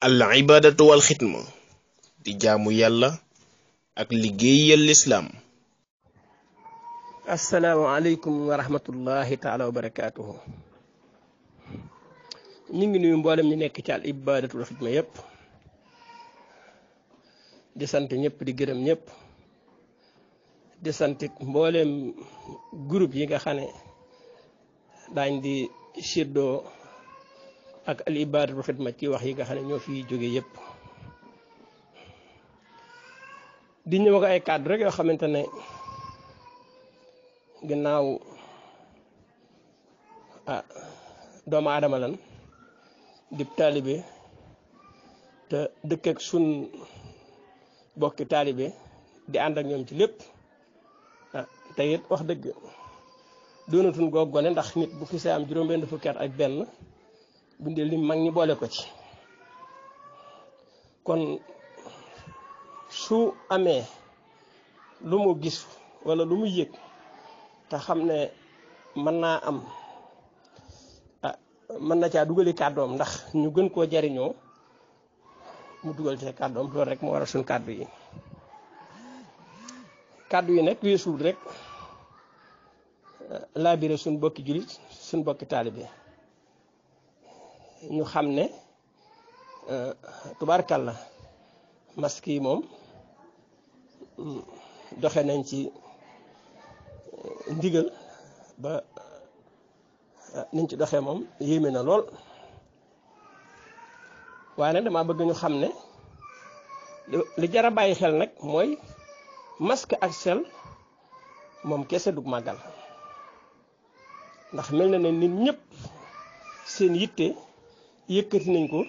al ay wal xidma di jaamu yàlla ak liggéey liggéeyal lislaam asalaamaaleykum wa rahmatullahi taala wa barakaatuhu ñu ngi nuyu mboolem ñu nekk ci al ibadatu xidma yépp di sant ñëpp di gërëm ñëpp di sant mbooleem groupe yi nga xane ne daañ di séddoo ak al ibaadatu xidma ci wax yi nga xam ne ñoo fi jóge yépp di ñëw ak ay kàddu rek yoo xamante ne ginnaaw doomu aadama lan dib taalibe te dëkk ak sun bokki taalibe di ànd ak ñoom ci lépp ah te it wax dëgg doonatuñ goog gone ndax nit bu fi am juróom-benn fukki at ak benn buñ dee lim mag ñi boole ko ci kon su amee lu mu gis walla lu mu yëg te xam ne mën naa am ah mën na caa dugali kàddoom ndax ñu gën koo jariñoo mu dugal cee kàddoom loolu rek moo waral suñ kàddu yi kàddu yi nag weesuul rek ah, laa bire suñ bokki jullit suñ bokki taalibe ñu xam ne euh, tubaarkàlla masque yi moom mm, doxe nañ ci euh, ndigal ba euh, niñ ci doxee moom yéeme na lool waaye nag dama bëgg ñu xam ne li jar a bàyyi xel nag mooy masque ak sel moom kese du màggal ndax mel na ne nit ñëpp seen yitte yëkkati nañ ko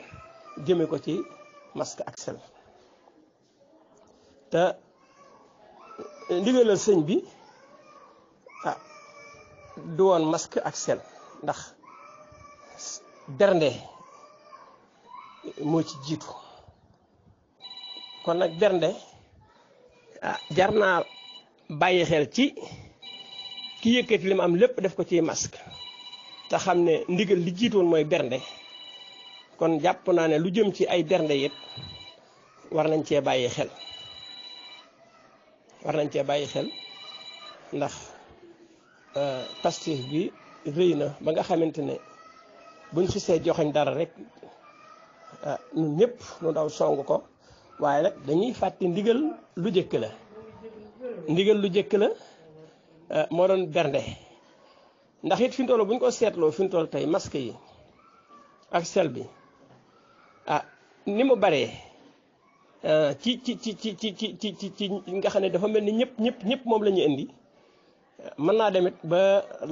jëme ko ci masque ak sel te eh, ndigalal sëñ bi ah du woon masque ak sel ndax bernde moo ci jiitu kon nag bernde ah, jar naa bàyyi xel ci ki yëkkati li mu am lépp def ko ci masque te xam ne ndigal li jiitoon mooy bernde kon jàpp naa ne lu jëm ci ay bernde yëpp war nañ cee bàyyi xel war nañ cee bàyyi xel ndax Pastef euh, bi rëy na ba nga xamante ne buñ xisee joxoñ dara rek ah, ñun ñëpp nu daw song ko waaye nag dañuy fàtte ndigal lu jëkk la ndigal lu jëkk la euh, moo doon bernde ndax it fi mu toll buñ ko seetloo fi mu toll tey masque yi ak sel bi ni mu baree euh, ci ci ci ci ci ci ci ci nga xam ne dafa mel ni ñëpp ñëpp ñëpp moom la ñu indi euh, mën naa demit ba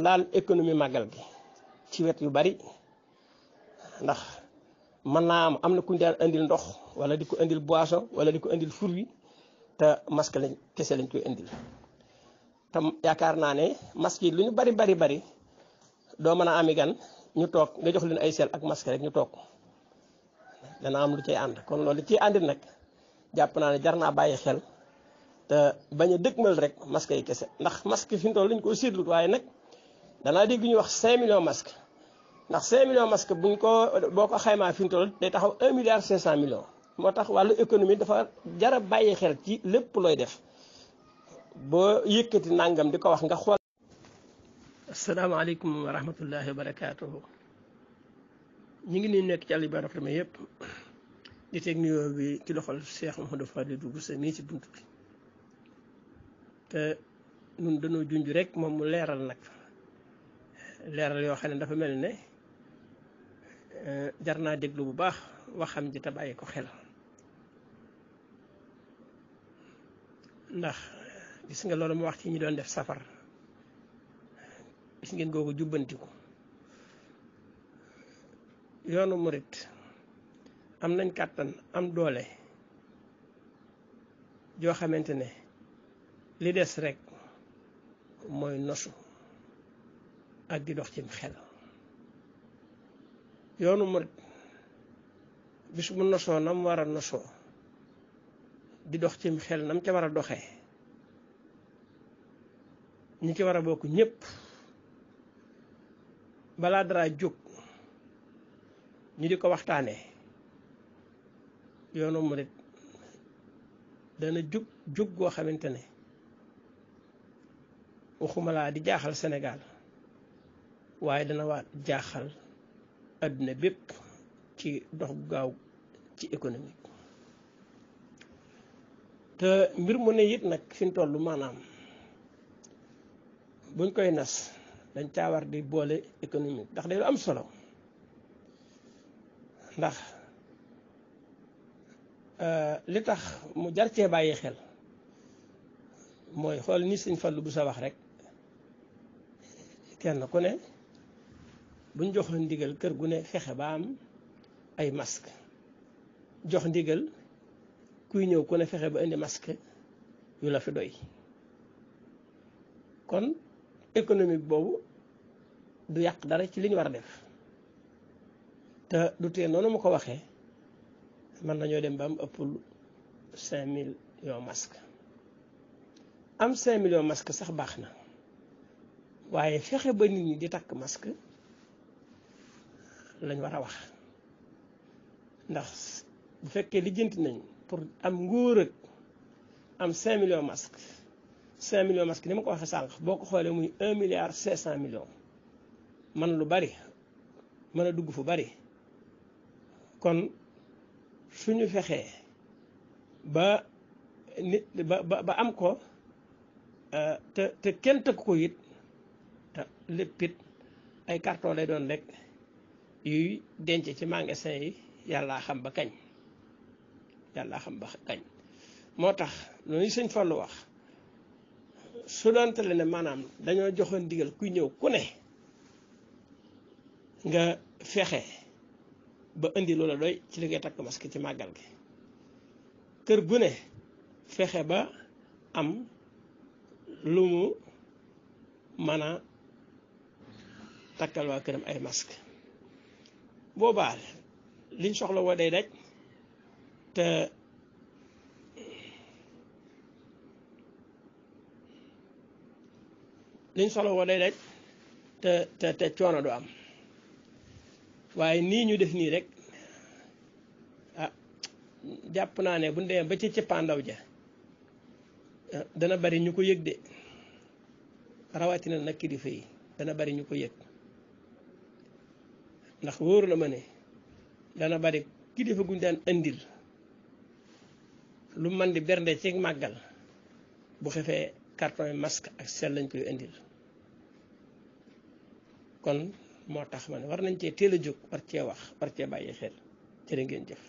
laal économie màggal gi ci wet yu bari ndax mën naa am am na kuñ ñu indil ndox wala di ko indil boisson wala di ko indil fur wi te masque lañ kese lañ koy indil te yaakaar naa ne masque yi lu ñu bari bari bari doo mën a ami gan ñu toog nga jox leen ay sell ak masque rek ñu toog. dana am lu cay ànd kon loolu ciy àndit nag jàpp naa ne jar naa bàyyi xel te bañ a dëgmal rek masque yi kese ndax masque fi mu toll lañ koo siitlut waaye nag danaa dégg ñu wax 5 millions masque ndax 5 millions masque buñ ko boo ko xaymaa fi mu toll day taxaw un milliard 500 millions moo tax wàllu économie dafa jar a bàyyi xel ci lépp looy def boo yëkkati nangam di ko wax nga xool. asalaamaaleykum wa rahmatullahi wa barakaatuhu. ñu ngi nii nekk ci àll bi baax na yëpp di teg nuyoo bi ci loxol Cheikh Mouhamadou Fadilou Bousso mii ci bunt bi te ñun dañoo junj rek moom mu leeral nag leeral yoo xam ne dafa mel ne jar naa déglu bu baax waxam ji te bàyyi ko xel ndax gis nga loolu mu wax ci ñi doon def safar gis ngeen googu jubbantiku. yoonu murit am nañ kàttan am doole joo xamante ne li des rekk mooy nosu ak di dox cim xel yoonu murit bis bu nosoo nam war a nosoo di dox cim xel nam ca war a doxee ñi ci war a bokk ñépp balaa dara jóg ñu di ko waxtaanee yoonu murit dana jug jug goo xamante ne waxuma di jaaxal Sénégal waaye dana waa jaaxal àdduna bépp ci dox gu gaaw ci économique te mbir mu ne it nag fi mu toll maanaam buñ koy nas dañ caa war di boole économique ndax day lu am solo. ndax euh, li tax mu jar cee bàyyi xel mooy xool ni sëñ Fallu bu sa wax rek kenn ku ne buñ joxoon ndigal kër gu ne fexe ba am ay mask jox ndigal kuy ñëw ku ne fexe ba indi masque yu la fi doy kon économique boobu du yàq dara ci liñ war a def te du tee noonu mu ko waxee mën nañoo dem ba am ëppul cinq mille yoo masque am cinq millions masque sax baax na waaye fexe ba nit ñi di takk masque lañ war a wax ndax bu fekkee lijjanti nañ pour am nguur ak am cinq millions masque cinq millions masque ni ma ko waxee sànq boo ko xoolee muy un milliard cinq cent millions man lu bari mën a dugg fu bari kon suñu fexee ba nit ba ba am ko euh, te te kenn tëkk ko it te lépp it ay carton lay doon rek yuy denc ci magasin yi yàllaa xam ba kañ yàllaa xam ba kañ moo tax loolu sëñ Fallu wax su doonte le ne maanaam dañoo joxoon digal kuy ñëw ku ne nga fexe ba indi loola doy ci li ngay takk masque ci màggal gi kër gu ne fexe ba am lu mu mën takkal waa këram ay masque boobaa liñ soxla woo day daj te liñ soxla woo day daj te te te coono du am waaye nii ñu def nii rek ah, jàpp naa ne bu ñu ba ci cëppaandaw ja ah, dana bari ñu ko yëg de rawatina nag kilifa yi dana bari ñu ko yëg ndax wóor na ma ne dana bari kilifa guñ daan indil lu man di bernde ci màggal bu xefee carton masque ak sel lañ koy indil kon moo tax ma ne war nañ cee teel a jóg par cee wax par cee bàyyi xel jërë ngeen jëf